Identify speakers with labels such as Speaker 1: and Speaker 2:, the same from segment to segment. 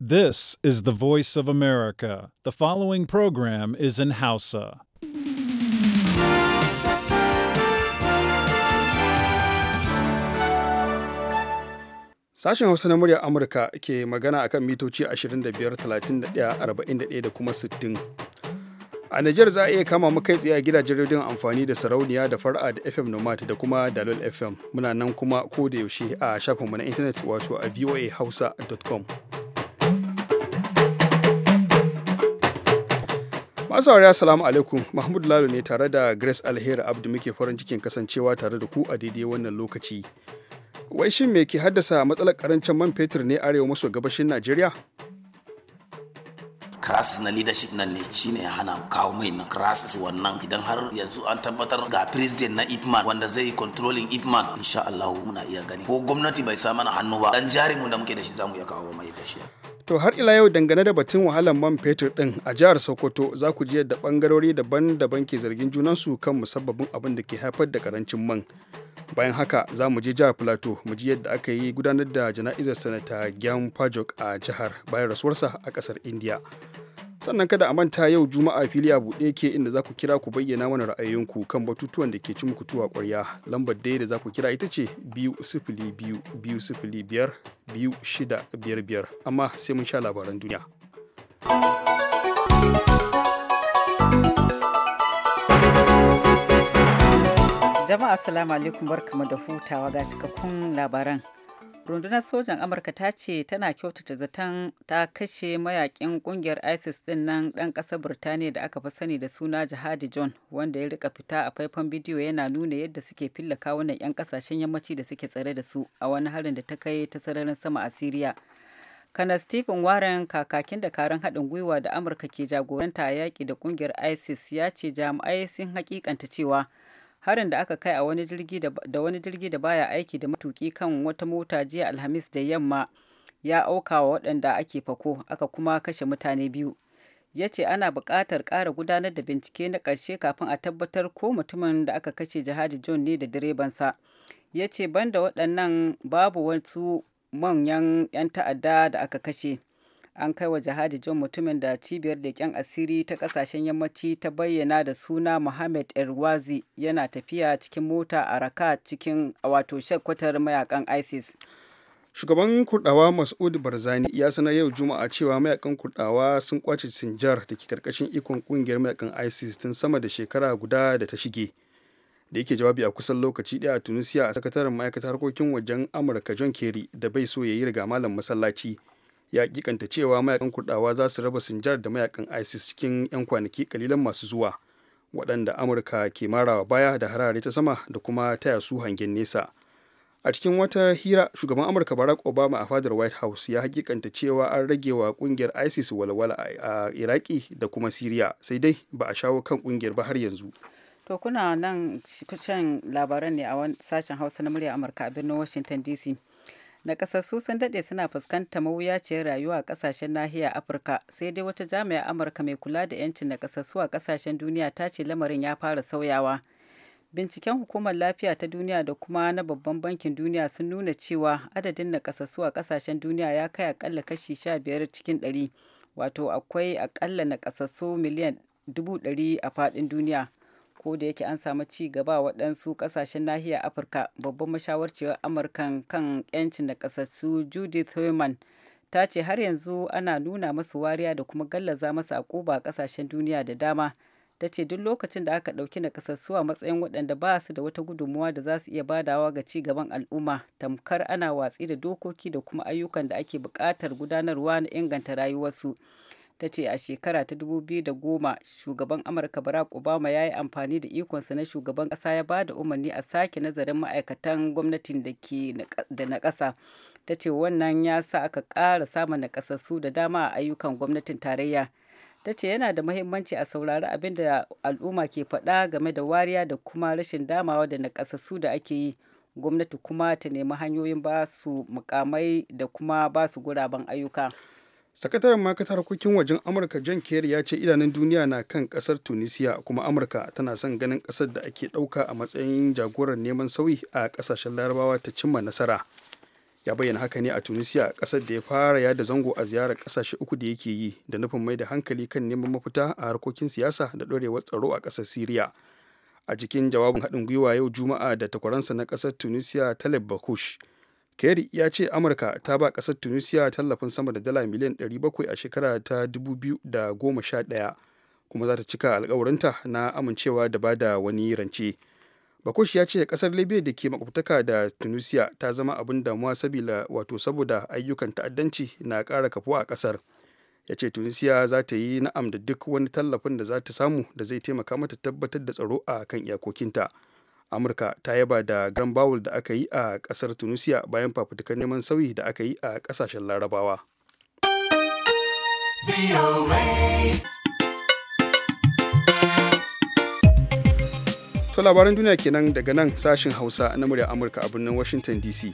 Speaker 1: This is the voice of America. The following program is in Hausa.
Speaker 2: Sashen Hausa na muryar Amurka ke magana akan mitoci 25, 31, 41 da kuma 60. A Nijar za a iya kama mu kai tsaye a gidajen rediyon amfani da sarauniya da fara'a da FM Nomad da kuma Dalol FM. Muna nan kuma ko da yaushe a shafinmu na intanet wato a voahausa.com. masu aure assalamu alaikum mahmud lalo ne tare da grace alheri abdu muke farin cikin kasancewa tare da ku a daidai wannan lokaci wai shin me ke haddasa matsalar karancin man fetur ne arewa maso gabashin najeriya
Speaker 3: crisis na leadership nan ne shine ya hana kawo mai na crisis wannan idan har yanzu an tabbatar ga president na ipman wanda zai controlling ipman insha Allah muna iya gani ko gwamnati bai sa mana hannu ba dan jarinmu da muke da shi zamu iya kawo mai da shi
Speaker 2: To har ila yau dangane da batun wahalar man fetur din a jihar Sokoto za ku ji yadda bangarori daban-daban ke zargin su kan musabbabin abin da ke haifar da karancin man. bayan haka za mu je jihar plateau mu ji yadda aka yi gudanar da jana'izar sanata gyan pajok a jihar bayan rasuwarsa a kasar india sannan kada a manta yau juma'a fili a buɗe ke inda za ku kira ku bayyana mana ra'ayoyinku kan batutuwan da ke ci muku tuwa ƙwarya lambar dai da za ku kira ita ce biyu sifili biyu biyu sifili biyar biyu shida biyar biyar amma sai mun sha labaran duniya.
Speaker 4: Jama'a assalamu alaikum barkamu da hutawa ga cikakkun labaran. Rundunar sojan Amurka ta ce tana kyautata zaton ta kashe mayakin kungiyar ISIS din nan dan kasar Birtaniya da aka fi sani da suna Jihadi John wanda ya rika fita a faifan bidiyo yana nuna yadda suke filla kawunan 'yan kasashen yammaci da suke tsare da su a wani harin da ta kai ta sararin sama a syria. kana stephen warren kakakin da karen haɗin gwiwa da amurka ke jagoranta a yaƙi da ƙungiyar isis ya ce jami'ai sun hakikanta cewa harin da aka kai a wani jirgi da wani jirgi da baya aiki da matuki kan wata mota jiya alhamis da yamma ya auka wa waɗanda ake fako aka kuma kashe mutane biyu ya ce ana buƙatar ƙara gudanar da bincike na ƙarshe kafin a tabbatar ko mutumin da aka kashe jihadi john ne da direbansa ya ce banda waɗannan babu wasu manyan 'yan ta'adda da aka kashe an kai wa jihadi john mutumin da cibiyar da leƙen asiri ta kasashen yammaci ta bayyana da suna mohammed erwazi yana tafiya cikin mota a raka cikin
Speaker 2: wato shakwatar mayakan isis shugaban kurdawa mas'ud barzani ya sanar yau juma'a cewa mayakan kurdawa sun kwace sinjar da ke karkashin ikon kungiyar mayakan isis tun sama da shekara guda da ta shige da yake jawabi a kusan lokaci ɗaya a tunisia a sakataren ma'aikatar harkokin wajen amurka john kerry da bai so ya yi riga malam masallaci ya hakikanta cewa mayakan kurdawa za su raba sinjar da mayakan isis cikin 'yan kwanaki kalilan masu zuwa waɗanda amurka ke marawa baya da harare ta sama da kuma taya su hangen nesa a cikin wata hira shugaban amurka barack obama a fadar white house ya hakikanta cewa an rage wa kungiyar isis walwala a iraki da kuma syria sai dai ba a shawo kan kungiyar ba har yanzu
Speaker 4: to kuna nan shan labaran ne a sashen hausa na murya amurka a birnin washington dc na kasar su sun daɗe suna fuskantar mawuyaciyar rayuwa a ƙasashen nahiyar afirka sai dai wata jami'a amurka mai kula da 'yancin na kasar su a ƙasashen duniya ta ce lamarin ya fara sauyawa binciken hukumar lafiya ta duniya da kuma na babban bankin duniya sun nuna cewa adadin na a ƙasashen duniya ya kai akalla kashi 15 cikin 100 wato akwai akalla na miliyan 100 a faɗin duniya ko da yake an samu ci gaba waɗansu ƙasashen nahiyar afirka babban mashawarciyar amurkan kan 'yancin da ƙasassu judith Hoyman ta ce har yanzu ana nuna masu wariya da kuma gallaza masu akuba a ƙasashen duniya da dama ta ce duk lokacin da aka ɗauki na ƙasassu a matsayin waɗanda ba su da wata gudunmuwa da za su iya badawa ga ci gaban al'umma tamkar ana watsi da dokoki da kuma ayyukan da ake buƙatar gudanarwa na inganta rayuwarsu. ta ce a shekara ta 2010 shugaban amurka barack obama ya yi amfani da ikonsa na shugaban kasa ya ba da umarni a sake nazarin ma'aikatan gwamnatin da ke da na kasa ta ce wannan ya sa aka kara samun nakasassu da dama a ayyukan gwamnatin tarayya ta ce yana da mahimmanci a saurari abin da al'umma ke faɗa game da wariya da kuma rashin damawa da nakasassu da ake yi gwamnati kuma ta nemi hanyoyin ba su mukamai da kuma ba su guraben ayyuka
Speaker 2: sakataren makata harkokin wajen amurka john kerry ya ce idanun duniya na kan kasar tunisia kuma amurka tana son ganin kasar da ake dauka a matsayin jagorar neman sauyi a kasashen larabawa ta cimma nasara ya bayyana haka ne a tunisia kasar da ya fara yada zango a ziyarar kasashe uku da yake yi da nufin mai da hankali kan neman mafita a harkokin siyasa da ɗorewar tsaro a kasar syria a cikin jawabin haɗin gwiwa yau juma'a da takwaransa na kasar tunisia taleb bakush kerry ya ce amurka ta ba ƙasar tunisia tallafin sama da dala miliyan 700 a shekara ta 2011 kuma za ta cika alkawarinta na amincewa da ba da wani rance bakush ya ce kasar libya da ke makwabtaka da tunisia ta zama abin damuwa sabila wato saboda ayyukan ta'addanci na kara kafuwa a ƙasar ya ce tunisia za ta yi na'am da duk wani tallafin da za ta samu da zai taimaka mata tabbatar da tsaro a kan iyakokinta amurka ta yaba da grand bawul da aka yi a kasar tunisia bayan fafutukar neman sauyi da aka yi a kasashen larabawa to labaran duniya kenan daga nan sashin hausa na murya amurka a birnin washington dc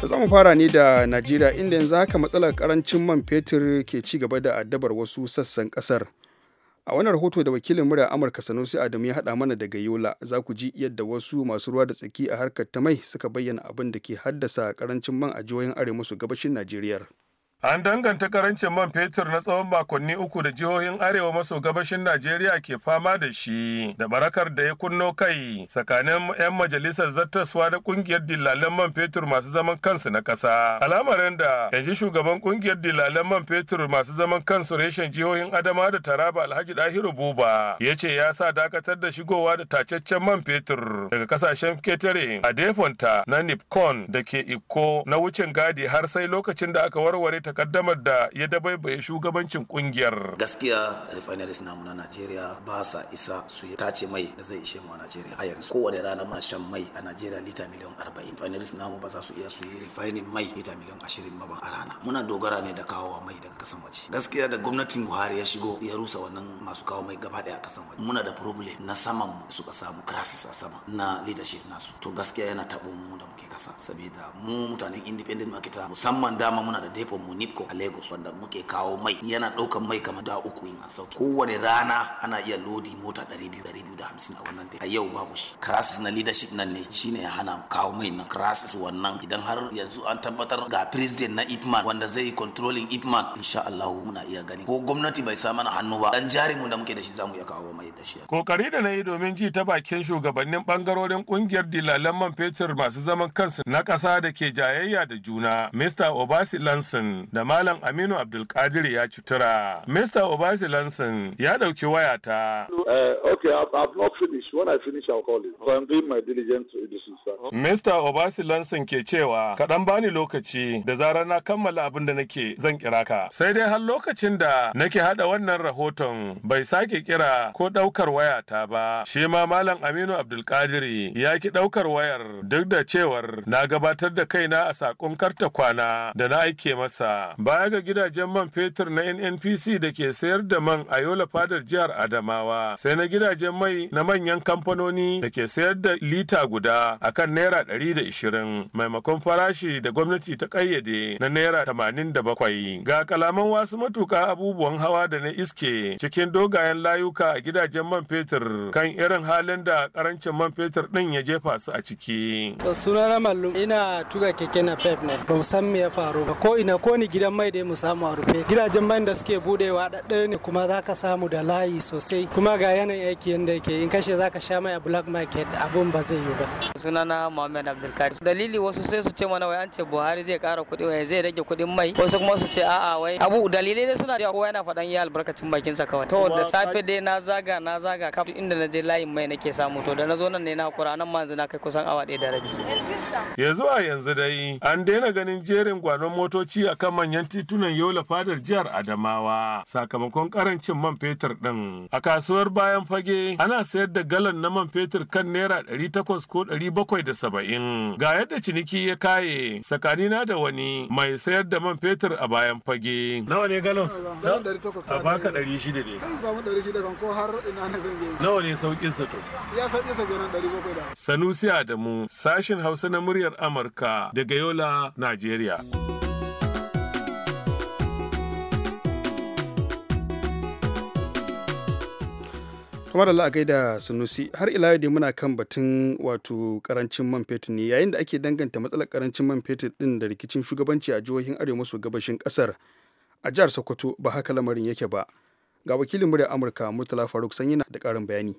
Speaker 2: ta zamu fara ne da najeriya inda yanzu haka matsalar karancin man fetur ke ci gaba da addabar wasu sassan kasar a wannan rahoto da wakilin murya amurka sanusi adamu ya haɗa mana daga yola za ku ji yadda wasu masu ruwa da tsaki a harkar ta mai suka bayyana abin da ke haddasa karancin man a jihohin arewa maso gabashin najeriya
Speaker 5: An danganta karancin man fetur na tsawon makonni uku da jihohin arewa maso gabashin Najeriya ke fama da shi da barakar da ya kunno kai tsakanin 'yan majalisar zattaswa da kungiyar dillalan man fetur masu zaman kansu na ƙasa. Al'amarin da yanzu shugaban kungiyar dillalan man fetur masu zaman kansu reshen jihohin Adama da Taraba Alhaji Dahiru Buba ya ce ya sa dakatar da shigowa da tacaccen man fetur daga kasashen ketare a defonta na Nipcon da ke Iko na wucin gadi har sai lokacin da aka warware ta takaddamar da ya dabaibaye shugabancin kungiyar gaskiya
Speaker 3: refineries namu na Najeriya ba sa isa su tace mai da zai ishe mu a Najeriya a yanzu kowane rana muna shan mai a Najeriya lita miliyan 40 refineries namu ba za su iya su yi refining mai lita miliyan 20 ma ba a rana muna dogara ne da kawo mai daga kasan waje gaskiya da gwamnatin Buhari ya shigo ya rusa wannan masu kawo mai gaba daya a kasan waje muna da problem na saman mu suka samu crisis a sama na leadership nasu to gaskiya yana tabo mu da muke kasa saboda mu mutanen independent marketer musamman dama muna da depot mu Nipco a Lagos wanda muke kawo mai yana ɗaukan mai kamar da uku in sauki. kowane rana ana iya lodi mota 250 a wannan a yau babu shi crisis na leadership nan ne shine ya hana kawo mai nan crisis wannan idan har yanzu an tabbatar ga president na Ipman wanda zai controlling Ipman insha Allah muna iya gani ko gwamnati bai sa mana hannu ba dan jari mu da muke da shi zamu iya kawo mai da shi
Speaker 5: kokari da nayi domin ji ta bakin shugabannin bangarorin kungiyar dilalan man fetur masu zaman kansu na ƙasa da ke jayayya da juna Mr. Obasi Lanson da Malam Aminu Abdulkadir ya cutura. Mr. Obasi ya ɗauki wayata. ta. Eh, okay, Mr. Obasi ke cewa, kaɗan bani lokaci da zarar na kammala abin da nake zan kira ka. Sai dai har lokacin da nake haɗa wannan rahoton bai sake kira ko ɗaukar wayata ba. Shi ma Malam Aminu Abdulkadiri ya ki ɗaukar wayar duk da cewar na gabatar da kaina a saƙon karta kwana da na aike masa. Baya ga gidajen man fetur na NNPC da ke sayar da man a Yola fadar jihar Adamawa, sai na gidajen mai na manyan kamfanoni da ke sayar da lita guda akan naira ɗari da maimakon farashi da gwamnati ta kayyade na naira 87 Ga kalaman wasu matuka abubuwan hawa da na iske cikin dogayen layuka a gidajen man fetur kan irin halin da karancin man fetur din ya jefa su a ciki. Sunana Mallum ina
Speaker 6: tuga keke na pep ne, ba mu san ya faru ba ko ina ko ne gidan mai da mu samu a rufe gidajen mai da suke budewa ɗaya ne kuma za ka samu da layi sosai kuma ga yanayin aiki yadda yake in kashe za ka sha mai a black market abun ba zai yi ba
Speaker 4: sunana muhammad abdulkadir dalili wasu sai su ce mana wai an ce buhari zai kara kuɗi wai zai rage kuɗin mai wasu kuma su ce a'a wai abu dalilai ne suna da kowa yana faɗan ya albarkacin sa kawai
Speaker 5: to da safe
Speaker 4: dai na zaga na zaga kaf inda na je layin mai nake samu to da na zo nan ne na kura nan ma yanzu na kai kusan awa ɗaya da rabi
Speaker 5: yanzu a yanzu dai an daina ganin jerin gwanon motoci akan manyan titunan yola fadar jihar Adamawa sakamakon karancin man fetur ɗin. A kasuwar bayan fage ana sayar da galan na man fetur kan naira ɗari takwas ko ɗari bakwai da saba'in. Ga yadda ciniki ya kaye tsakanina da wani mai sayar da man fetur a bayan fage. Nawa ne galon? A baka ɗari shida ne.
Speaker 3: Kan kan ko har ina zan
Speaker 5: Nawa ne sauƙin sa to?
Speaker 3: Ya sauƙin sa kenan ɗari
Speaker 5: Sanusi Adamu sashin Hausa na muryar Amurka daga Yola, Najeriya.
Speaker 2: kamar Allah a gaida Sanusi har ila yau muna kan batun wato karancin man fetur ne yayin da ake danganta matsalar karancin man fetur din da rikicin shugabanci a jihohin arewa maso gabashin kasar a jihar Sokoto ba haka lamarin yake ba ga wakilin muryar Amurka Murtala Faruk Sanyina da karin bayani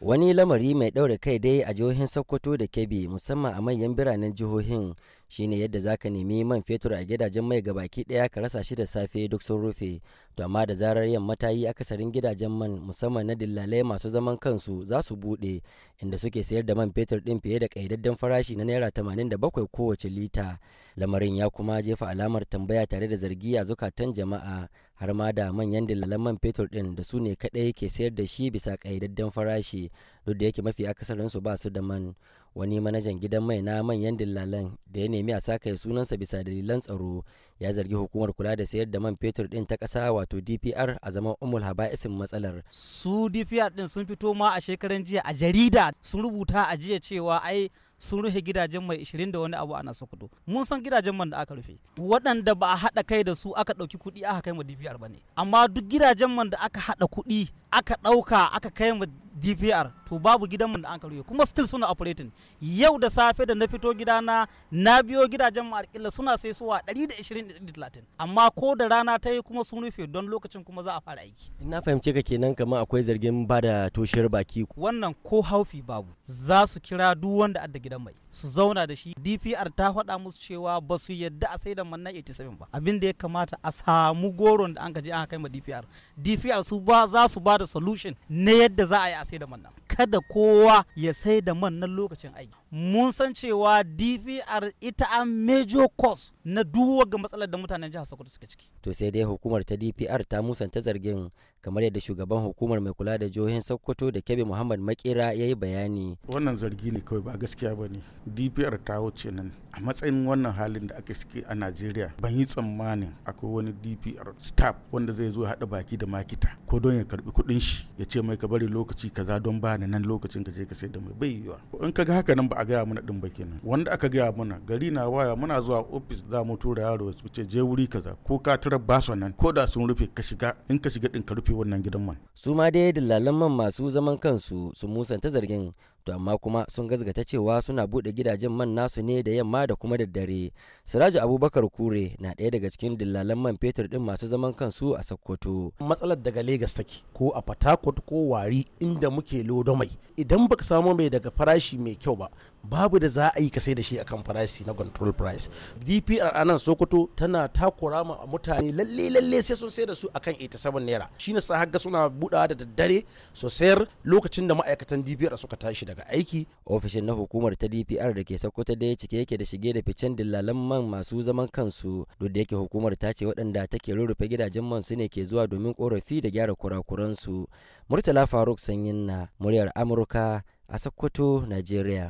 Speaker 7: wani lamari mai ɗaure kai dai a jihohin Sokoto da Kebbi musamman a manyan biranen jihohin shine yadda zaka nemi man fetur a gidajen mai baki daya ka rasa shi da safe duk sun rufe to amma da zarar yamma matayi akasarin gidajen man musamman na dillalai masu zaman kansu za su bude inda suke sayar da man fetur din fiye da kaidaddan farashi na naira tamanin da 87 kowace lita lamarin ya kuma jefa alamar tambaya tare da zargi a zukatan jama'a har ma da manyan dillalan man fetur din da su ne kadai ke sayar da shi bisa kaidaddan farashi duk da yake mafi akasarinsu ba su da man wani manajan gidan mai na manyan dillalan da ya nemi a saka sunansa bisa dalilan tsaro ya zargi hukumar kula da sayar da man fetur din ta kasa wato dpr a zaman umul haba'isin matsalar
Speaker 6: su dpr din sun fito ma a shekaran jiya a jarida sun rubuta a jiya cewa ai sun rufe gidajen mai 20 da wani abu ana sokoto mun san gidajen man da aka rufe waɗanda ba a haɗa kai da su aka ɗauki kuɗi aka kai ma DPR ba ne amma duk gidajen man da aka haɗa kuɗi aka ɗauka aka kai ma DPR to babu gidan man da aka rufe kuma still suna operating yau da safe da na fito gidana na biyo gidajen mu alƙilla suna sai suwa 120-130 amma ko da rana ta yi kuma sun rufe don lokacin kuma za a fara aiki
Speaker 7: ina fahimce ka kenan kamar akwai zargin ba da toshiyar baki
Speaker 6: wannan ko haufi babu za su kira duk wanda adda gidan mai su zauna da shi DPR ta faɗa musu cewa ba su yadda a sai da manna 87 ba abin da ya kamata a samu goron da an ka je an kai ma DPR DPR su ba za su ba da solution na yadda za a yi a sai da manna kada kowa ya sai da man na lokacin aiki mun san cewa dvr ita a major cause na duwa ga matsalar da mutanen jihar sokoto suka ciki
Speaker 7: to sai dai hukumar ta dpr ta musanta zargin kamar yadda shugaban hukumar mai kula da jihohin sokoto da kebe muhammad makera ya yi bayani wannan zargi ne kawai ba gaskiya ba ne dpr ta wuce nan a matsayin wannan halin da aka shige a najeriya ban yi tsammanin akwai wani dpr staff
Speaker 6: wanda zai zo haɗa baki da makita ko don ya karbi kuɗin shi ya ce mai ka bari lokaci kaza don ba
Speaker 2: ni nan lokacin ka je ka sai da mai
Speaker 6: bai
Speaker 5: yiwa
Speaker 2: in ka ga haka nan ba a gaya mana din ba kenan wanda aka gaya mana
Speaker 7: gari na waya muna zuwa ofis za mu tura yaro su ce je wuri kaza ko ka tura basu nan ko da sun rufe ka shiga in ka shiga din ka rufe wannan gidan man su ma dai dillalan man masu zaman kansu su musanta zargin to amma kuma sun gazgata cewa suna buɗe gidajen man nasu ne da yamma da kuma daddare siraji abubakar kure na ɗaya daga cikin dillalan man fetur din masu zaman kansu a sokoto matsalar daga lagos take ko a fatakwat ko wari inda muke lodo mai idan baka samu mai daga farashi mai kyau ba babu da za a yi ka sai da shi akan farashi na control price dpr anan sokoto tana takura ma mutane lalle lalle sai sun sai da su akan 87 naira shine sa haga suna budawa da daddare so sayar lokacin da ma'aikatan dpr suka tashi daga aiki ofishin na hukumar ta dpr da ke sokoto da ya cike yake da shige da ficen dillalan man masu zaman kansu duk da yake hukumar ta ce waɗanda take rurrufe gidajen man su ne ke zuwa domin korafi da gyara kurakuransu murtala faruk sanyin na muryar amurka a sokoto nigeria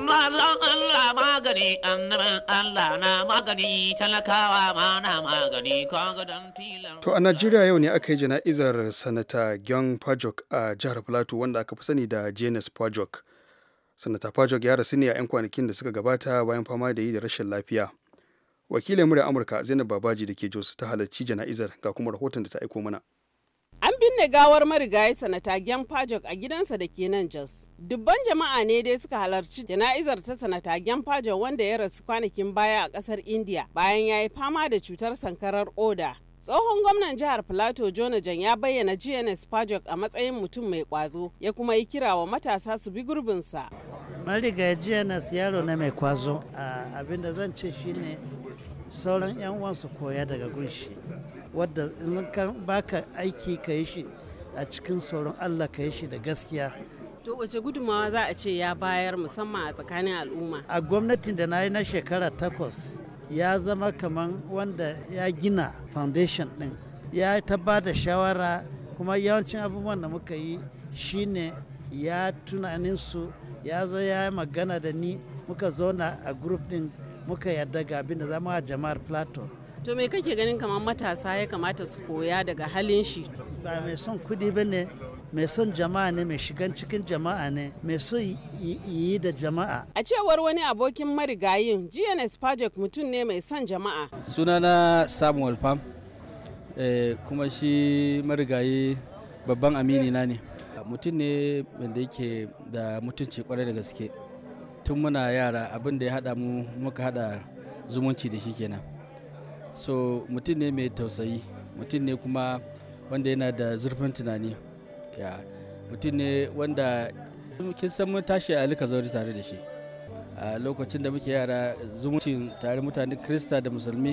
Speaker 3: magani annaban Allah na magani talakawa ma na magani
Speaker 7: to a Najeriya
Speaker 2: yau ne aka yi jana'izar sanata Gyan Pajok a jihar Plateau wanda aka fi sani da Janus Pajok sanata pajok ya rasu ne a 'yan kwanakin da suka gabata bayan fama da yi da rashin lafiya wakilin murya amurka zainab babaji da ke jos ta halarci jana'izar ga kuma rahoton da ta aiko mana
Speaker 1: An binne gawar marigayi sanata Gyan Pajok a gidansa da ke nan Jos. Dubban jama'a ne dai suka halarci jana'izar ta sanata Gyan Pajok wanda ya rasu kwanakin baya a kasar India bayan ya yi fama da cutar sankarar oda. tsohon gwamnan jihar plateau jonajan ya bayyana gns pajok a matsayin mutum mai kwazo ya kuma yi kira wa matasa
Speaker 8: su bi gurbinsa mariga gns yaro na mai kwazo abinda zan ce shine sauran yan uwansu koya daga gunshi wadda in baka aiki ka yi shi a cikin sauran allah ka yi shi da gaskiya
Speaker 1: to wace gudunmawa za a ce ya bayar musamman a tsakanin al'umma
Speaker 8: a gwamnatin da na yi na shekara takwas ya zama kamar wanda ya gina foundation din ya ta da shawara kuma yawancin abubuwan da muka yi shine ya tunanin su ya zo ya magana da ni muka zauna a group din muka yarda ga abin da zama a jama'ar plateau to me kake ganin kamar matasa ya kamata su koya daga halin shi ba mai son kudi ba ne mai son jama'a ne mai shigan cikin jama'a ne mai son yi da jama'a
Speaker 1: a cewar wani abokin marigayin gns project mutum ne mai son jama'a
Speaker 8: sunana samuel pam eh, kuma
Speaker 6: shi marigayi babban amini na ne mutum ne wanda yake da mutunci kwarai da gaske tun muna yara abin da ya haɗa mu muka haɗa zumunci da shi kenan so mutum ne mai tausayi mutum ne kuma wanda yana da zurfin tunani ya mutum ne wanda kin san mun tashi a lika zauri tare da shi a lokacin da muke yara zumuncin tare mutane krista da musulmi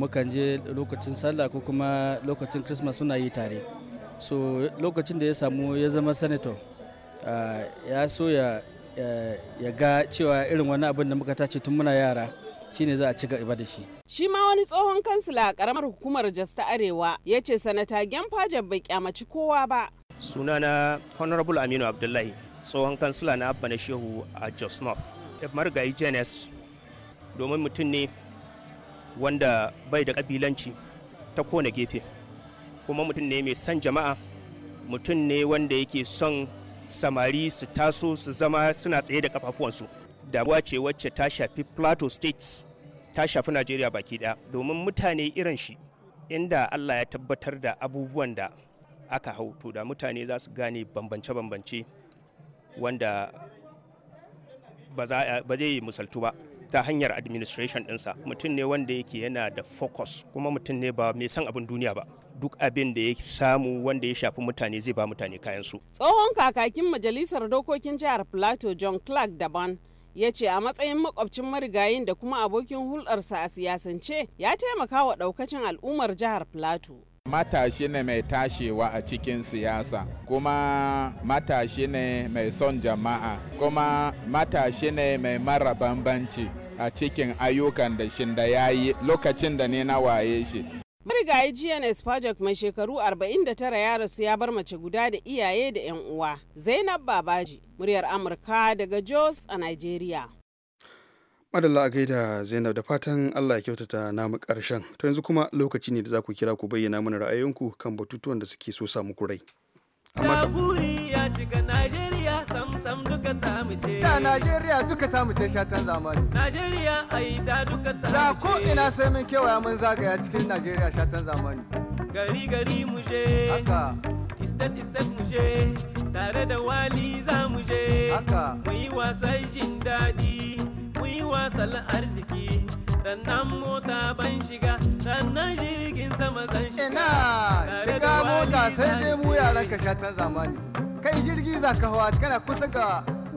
Speaker 6: mukan je lokacin sallah ko kuma lokacin christmas suna yi tare so lokacin da ya samu ya zama senator ya so ya ga cewa irin wani abin da muka tace tun muna yara
Speaker 7: shine za a ci gaba da shi.
Speaker 1: Shi ma wani tsohon kansila a karamar hukumar jas ta Arewa ya ce sanata fajar bai kyamaci kowa ba.
Speaker 7: sunana honorable aminu abdullahi
Speaker 2: tsohon kansila na abba na shehu a jos north marigayi jns domin mutum ne wanda bai da kabilanci ta kone gefe kuma mutum ne mai son jama'a mutum ne wanda yake son samari su taso su zama suna tsaye da kafafuwansu damuwa ce wacce ta shafi plateau states ta shafi najeriya baki ɗaya, domin mutane irin shi inda allah ya tabbatar da abubuwan da aka hau to da mutane za su gane bambance-bambance wanda ba zai misaltu ba ta hanyar administration ɗinsa mutum ne wanda yake yana da focus kuma mutum ne ba mai san abin duniya ba duk abin da ya samu wanda ya shafi mutane zai ba mutane kayan su
Speaker 1: tsohon kakakin majalisar dokokin jihar plateau john clark daban ya ce a matsayin makwabcin marigayin da kuma abokin hulɗarsa a siyasance ya taimaka wa ɗaukacin al'ummar jihar plateau
Speaker 6: matashi ne mai tashewa a cikin siyasa kuma matashi ne mai son jama'a kuma matashi ne mai mara bambanci a cikin ayyukan da shin da ya yi lokacin da ne na waye shi
Speaker 1: marigayi gns project mai shekaru 49 ya rasu ya bar mace guda da iyaye da 'yan uwa zainab babaji muryar amurka daga jos a nigeria
Speaker 2: madalla a gaida zainab da fatan allah ya kyautata namu karshen to yanzu kuma lokaci ne da za ku kira ku bayyana mana ra'ayoyinku kan batutuwan da suke so samu kurai.
Speaker 6: rai ya cika najeriya sam sam duka ta mace da najeriya
Speaker 3: duka ta mace shatan zamani
Speaker 6: najeriya ai da
Speaker 3: duka ta mace da ko ina sai mun kewaya mun zagaya cikin najeriya shatan zamani
Speaker 6: gari gari mu je haka istat istat mu je tare da wali za mu je haka mu yi wasan jin daɗi wasal arziki Sannan mota ban shiga Sannan jirgin sama zan shiga ina da mota sai dai mu yaran
Speaker 3: ka shatan zamani kai jirgi za ka hawa kana kusa ga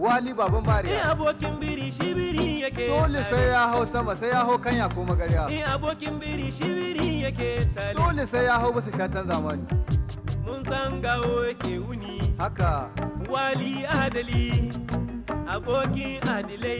Speaker 3: wali baban mariya in abokin biri shi biri yake dole sai ya hau sama sai ya hau kanya ko magariya
Speaker 6: in abokin biri shi biri yake sare dole sai ya hau basu shatan zamani mun san gawo yake wuni haka wali adali abokin adilai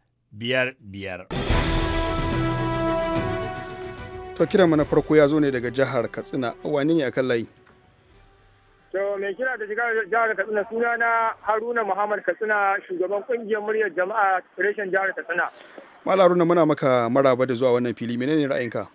Speaker 2: biyar biyar. To kira na farko ya zo ne daga jihar Katsina, wani ne akan layi?
Speaker 3: To mai kira da shiga jihar Katsina suna na Haruna Muhammad Katsina shugaban kungiyar muryar jama'a reshen jihar Katsina.
Speaker 2: Mala Haruna muna maka maraba da zuwa wannan fili menene ra'ayinka?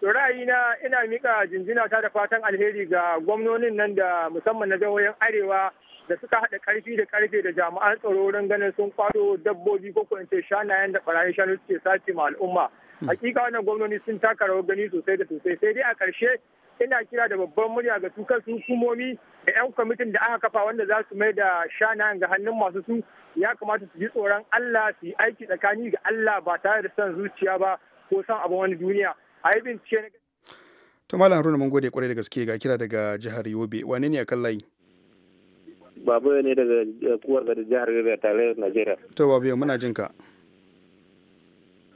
Speaker 3: To ra'ayina ina mika jinjina ta da fatan alheri ga gwamnonin nan da musamman na jihohin Arewa da suka haɗa ƙarfi da ƙarfe da jami'an tsaro wurin ganin sun kwado dabbobi ko ko ce shanayen da ɓarayin shanu suke sace ma al'umma hmm. hakika wannan gwamnoni sun taka rawar gani sosai da sosai sai dai a ƙarshe ina kira da babban murya ga su kansu hukumomi da 'yan kwamitin da aka kafa wanda za su mai da shanayen ga hannun masu su ya kamata su ji tsoron Allah su yi aiki tsakani ga Allah ba tare da son zuciya ba ko son abin wani duniya a yi bincike na
Speaker 2: to malam mun gode kwarai da gaske ga kira daga jihar yobe wane ne a kan layi
Speaker 3: babu ne daga eh, kuwar da jihar Yobe ta da Najeriya.
Speaker 2: To babu yau muna jin ka.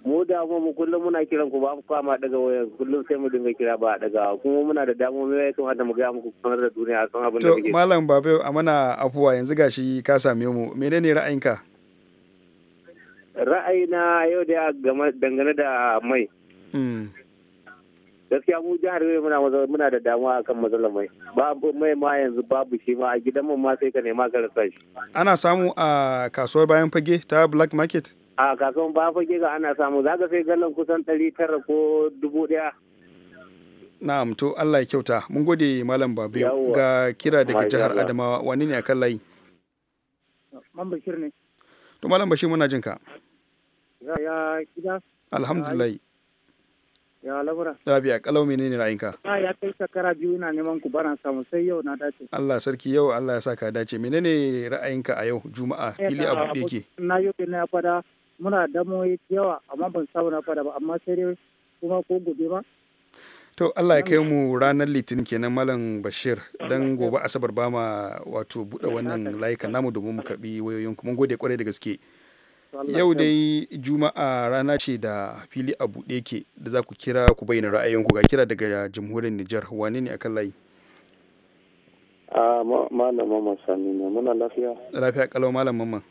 Speaker 3: Mu da mu kullum muna kiran ku ba mu kama daga wayan kullum sai mu dinga kira ba daga kuma muna da damu mai ya kamata mu ga muku kamar da duniya san abin da To malam
Speaker 2: babu a mana afuwa yanzu gashi ka same mu menene ra'ayinka?
Speaker 3: Ra'ayina yau da game dangane da mai. Mm. gaskiya mu jihar yau muna muna da damuwa akan matsalar mai babu mai ma yanzu babu shi ma a gidanmu ma sai ka nema ka rasa shi
Speaker 2: ana samu a kasuwar bayan fage ta black market
Speaker 3: a kasuwar bayan fage ga ana samu zaka sai galan kusan ɗari tara ko dubu ɗaya
Speaker 2: na'am to Allah ya kyauta mun gode malam babu ga kira daga jihar Adamawa wani ne akan layi man bashir ne to malam bashir muna jinka
Speaker 3: ya ya gida
Speaker 2: alhamdulillah Ya labura. Lafiya kalau menene ra'ayinka?
Speaker 3: Ah ya kai shekara biyu ina neman ku bana samu sai yau na dace.
Speaker 2: Allah sarki yau Allah ya sa ka dace. Menene ra'ayinka a yau Juma'a eh, fili abu da yake.
Speaker 3: Na yau na fada muna mu yawa amma ban samu na fada ba amma sai dai kuma ko gobe ba.
Speaker 2: To Allah ya kai mu ranar Litinin kenan Malam Bashir dan gobe Asabar ba ma wato buɗe eh, wannan layukan namu domin mu karbi wayoyin kuma gode kwarai da gaske. Yau dai Juma'a rana ce da fili a buɗe ke da za ku kira ku bayyana ra'ayinku ga kira daga jamhuriyar Nijar wane ne akan layi?
Speaker 3: Ah, Malam Mamman Sani ne muna lafiya.
Speaker 2: Lafiya kalau Malam Mamman.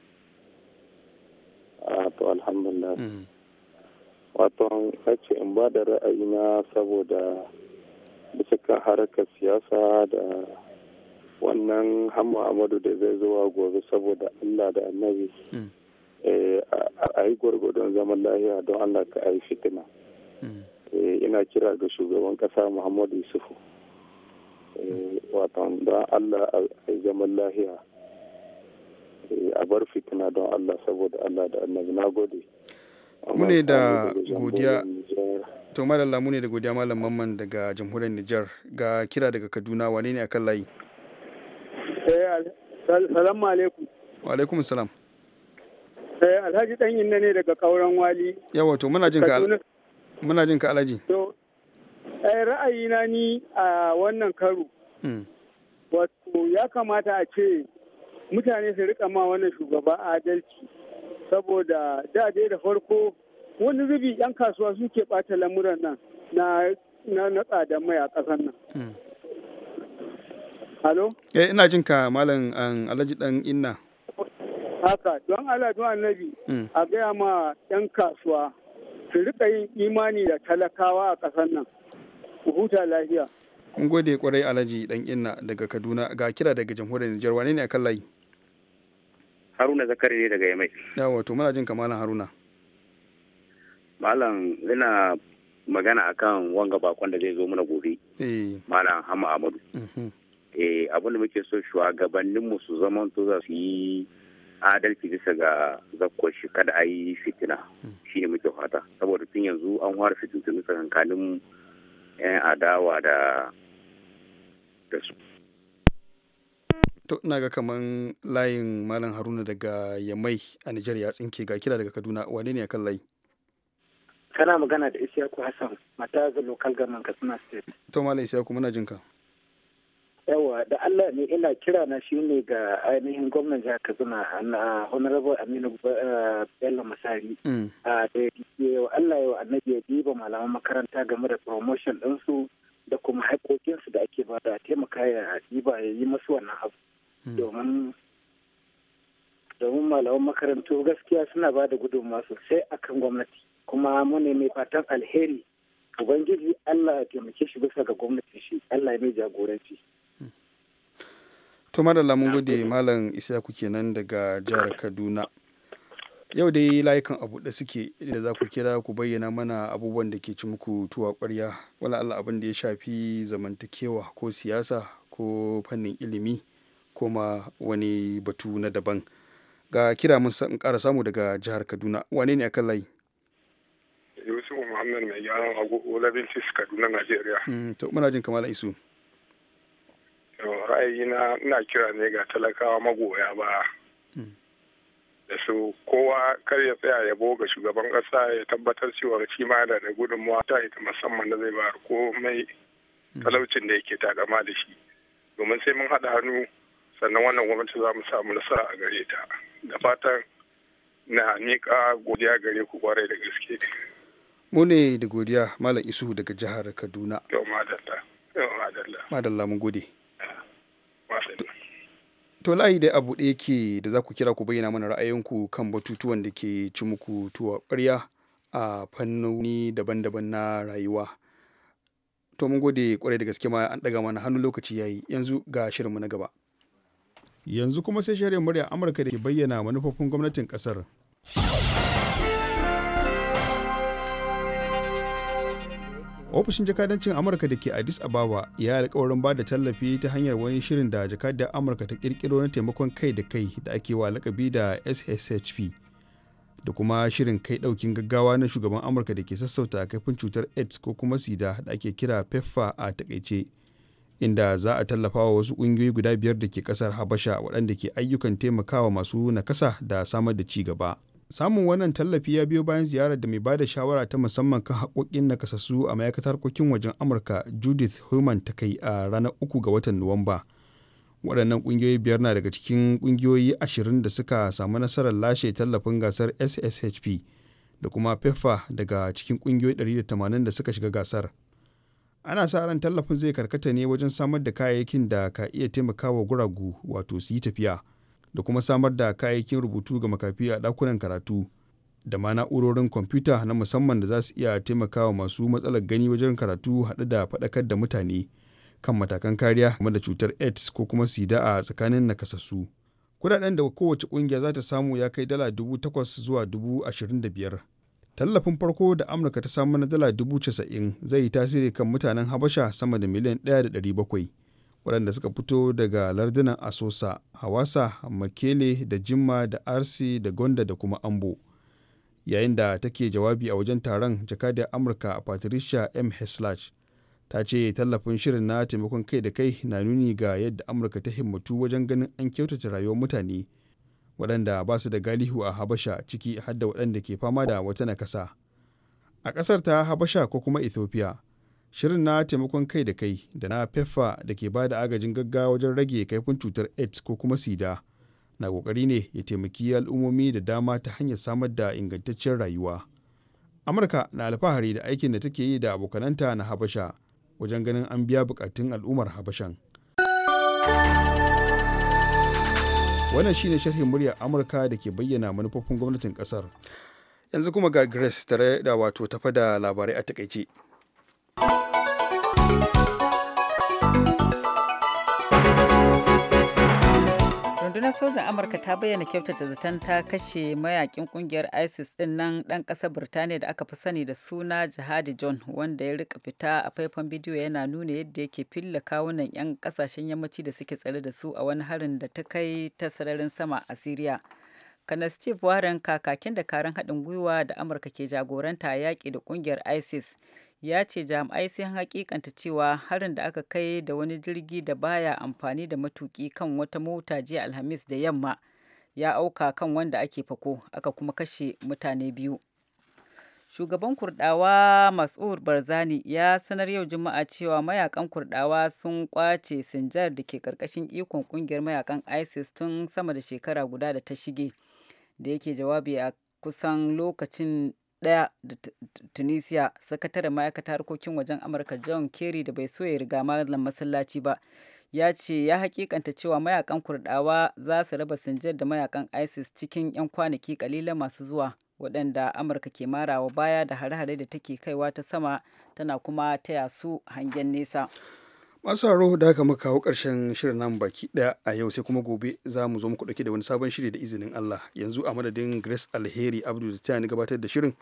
Speaker 3: Ah, to alhamdulillah. Mm. Wato ce in ba da ra'ayina saboda bisa kan harkar siyasa da wannan hamma Amadu da zai zuwa gobe saboda Allah da annabi. Mm. Eh, a yi gwargwadon zaman lahiya don allah ka a yi fitina eh, ina kira ga shugaban kasa muhammadu yusufu eh, watan don allah a yi zaman lahiya a bar fitina don allah saboda allah da annabi na gode
Speaker 2: Mune ne da godiya to madalla mune ne da godiya malam mamman daga jamhuriyar Nijar ga kira daga Kaduna wane ne akan layi? Salamu alaikum. Wa alaikum salam. Eh, Alhaji dan yin ne daga kauran wali. Yawa to muna jin ka muna jin ka Alhaji. To eh, ra'ayi na ni a wannan karo. Hmm. Wato ya kamata a ce mutane su rika ma wannan shugaba adalci saboda da dai da farko wani zubi yan kasuwa suke bata lamuran nan na na tsadan mai a ƙasar nan. Hmm. Halo? Eh ina jin ka malam um, Alhaji dan Inna. haka don Allah don annabi hmm. a gaya ma 'yan kasuwa su rika yin imani da talakawa a ƙasar nan ku huta lafiya. Mun gode kwarai Alhaji dan Inna daga Kaduna ga kira daga jamhuriyar Nijar wane ne akan layi?
Speaker 3: Haruna Zakari ne daga Yamai.
Speaker 2: ya wato muna jin kamalan Haruna.
Speaker 3: Malam ina magana akan wanga bakon da zai zo mana gobe. Eh. Malam Hama Amadu. Mhm. Eh abin da muke so shugabanninmu su to za su yi adalci bisa ga zakko shi kada a yi fitina shi ne muke fata saboda tun yanzu an fara fitintunu tsakankanin yan adawa da
Speaker 2: da su to ina ga kaman layin malam haruna daga yamai a nijar ya tsinke ga kira daga kaduna wane ne kan layi
Speaker 3: kana magana da isiyaku hassan mataza local government katsina state
Speaker 2: to malam isiyaku muna jinka
Speaker 3: yawa da allah ne ina kira na shi ne ga ainihin gwamnan jihar katsina na honorable aminu eh, bello masari mm. ah, da yawa allah ya annabi ya diba malaman makaranta game da promotion ɗinsu da kuma haƙoƙinsu da ake ba da taimaka ya diba ya yi masu wannan abu mm. domin domin malaman makarantu gaskiya suna ba da gudunmawa sosai akan gwamnati kuma mu ne mai fatan alheri ubangiji allah ya taimake shi bisa ga gwamnati shi allah ya mai jagoranci
Speaker 2: to madalla mun gode malam isa kuke nan daga jihar kaduna yau dai layukan abu da suke da za ku kira ku bayyana mana abubuwan da ke ci muku tuwa kwarya wala allah abin da ya shafi zamantakewa ko siyasa ko fannin ilimi ko ma wani batu na daban ga kira mun kara samu daga jihar kaduna wane ne akan layi
Speaker 3: yusuf muhammad mai gyaran agogo labin kaduna najeriya
Speaker 2: mm, to muna jin kamala isu
Speaker 3: na ina kira ne ga talakawa magoya ba hmm. da su kowa kar ya tsaya yabo ga shugaban ƙasa ya tabbatar cewa shi ma da da gudunmawa ta ita musamman da zai ba komai
Speaker 2: hmm. talaucin da yake
Speaker 3: takama da shi domin sai mun haɗa hannu sannan wannan gwamnati za mu samu nasara a gare ta da fatan na miƙa godiya gare ku kwarai da gaske
Speaker 2: mu ne da godiya malam isu daga jihar kaduna madalla mun gode to layi dai abu buɗe yake da za ku kira ku bayyana mana ra'ayinku kan batutuwan da ke ci muku tuwa ƙwarya a fannoni daban-daban na rayuwa to mun gode kwarai da gaske ma an ɗaga mana hannu lokaci ya yi yanzu ga shirinmu na gaba yanzu kuma sai shirin murya amurka da ke bayyana manufofin gwamnatin ƙasar ofishin jakadancin amurka da ke addis ababa ya yi alkawarin ba da tallafi ta hanyar wani shirin da jakadar amurka ta kirkiro na taimakon kai da kai da ake wa lakabi da sshp da kuma shirin kai daukin gaggawa na shugaban amurka da ke sassauta kaifin cutar aids ko kuma sida da ake kira peffa a takaice inda za a tallafa wa wasu ƙungiyoyi guda biyar da ke kasar habasha waɗanda ke ayyukan taimakawa masu nakasa da samar da ci gaba. Samun wannan tallafi ya biyo bayan ziyarar da mai ba da shawara ta musamman kan haƙoƙin nakasassu a ma'aikatar harkokin wajen Amurka Judith hulman ta kai a ranar uku ga watan Nuwamba. Waɗannan ƙungiyoyi biyar na daga cikin ƙungiyoyi ashirin da suka samu nasarar lashe tallafin gasar SSHP da kuma pefa daga cikin ƙungiyoyi 180 da suka shiga gasar. Ana sa ran tallafin zai karkata ne wajen samar da kayayyakin da ka iya taimakawa guragu wato su yi tafiya. da kuma samar da kayayyakin rubutu ga makafi a ɗakunan karatu da ma na'urorin kwamfuta na musamman da za su iya taimakawa masu matsalar gani wajen karatu haɗu da faɗakar da mutane kan matakan kariya game da cutar aids ko kuma sida a tsakanin nakasassu kudaden da kowace ƙungiya za ta samu ya kai dala dubu takwas zuwa dubu ashirin da biyar tallafin farko da amurka ta samu na dala dubu casa'in zai yi tasiri kan mutanen habasha sama da miliyan ɗaya da ɗari bakwai waɗanda suka fito daga lardunan asosa hawasa makele da jimma da arsi da gonda da kuma ambo yayin da take jawabi a wajen taron jakadiyar amurka patricia m heslach ta ce tallafin shirin na taimakon kai da kai na nuni ga yadda amurka ta himmatu wajen ganin an kyautata rayuwar mutane waɗanda ba su da galihu a habasha ciki hadda waɗanda ke fama da wata nakasa a ƙasar ta habasha ko kuma ethiopia shirin na taimakon kai da kai da na pefa da ke ba da agajin gaggawa wajen rage kaifin cutar aids ko kuma sida na kokari ne ya taimaki al'ummomi da dama ta hanyar samar da ingantaccen rayuwa amurka na alfahari da aikin da take yi da abokananta na habasha wajen ganin an biya bukatun al'ummar habashan wannan shine sharhin muryar amurka da ke bayyana manufofin gwamnatin kasar yanzu kuma ga grace tare da wato tafa da labarai a takaice
Speaker 4: rundunar sojan amurka ta bayyana kyautata zaton ta kashe mayakin kungiyar isis din nan dan kasar birtaniya da aka fi sani da suna jihadi john wanda ya rika fita a faifan bidiyo yana nuna yadda yake filla kawunan yan kasashen yammaci da suke tsare da su a wani harin da ta kai ta sararin sama a syria kana steve warren kakakin da karan haɗin gwiwa da amurka ke jagoranta yaƙi da kungiyar isis ya ce jami'ai sun hakikanta cewa harin da aka kai da wani jirgi da baya amfani da matuki kan wata mota jiya alhamis da yamma ya auka kan wanda ake fako aka kuma kashe mutane biyu shugaban kurdawa mas'ud barzani ya sanar yau juma'a cewa mayakan kurdawa sun kwace sinjar da ke karkashin ikon kungiyar mayakan isis tun sama da shekara guda da ta shige da yake jawabi a kusan lokacin ɗaya da tunisia sakataren ma'aikata harkokin wajen amurka john kerry da bai so ya riga malam masallaci ba ya ce ya hakikanta cewa mayakan kurdawa za su raba sinjar da mayakan isis cikin 'yan kwanaki kalilan masu zuwa waɗanda amurka ke marawa baya da hare-hare da take kaiwa ta sama tana kuma taya su hangen nesa
Speaker 2: masu haro da haka muka kawo karshen shirin nan baki ɗaya a yau sai kuma gobe za mu zo muku ɗauke da wani sabon shiri da izinin Allah yanzu a madadin Grace Alheri Abdul da ta gabatar da shirin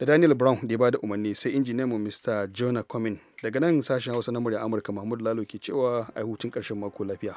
Speaker 2: da Daniel Brown da ya bada umarni sai injiniyan mu Mr. Jonah Comin daga nan sashen Hausa na murya Amurka Mahmud Lalo ke cewa a hutun ƙarshen mako lafiya.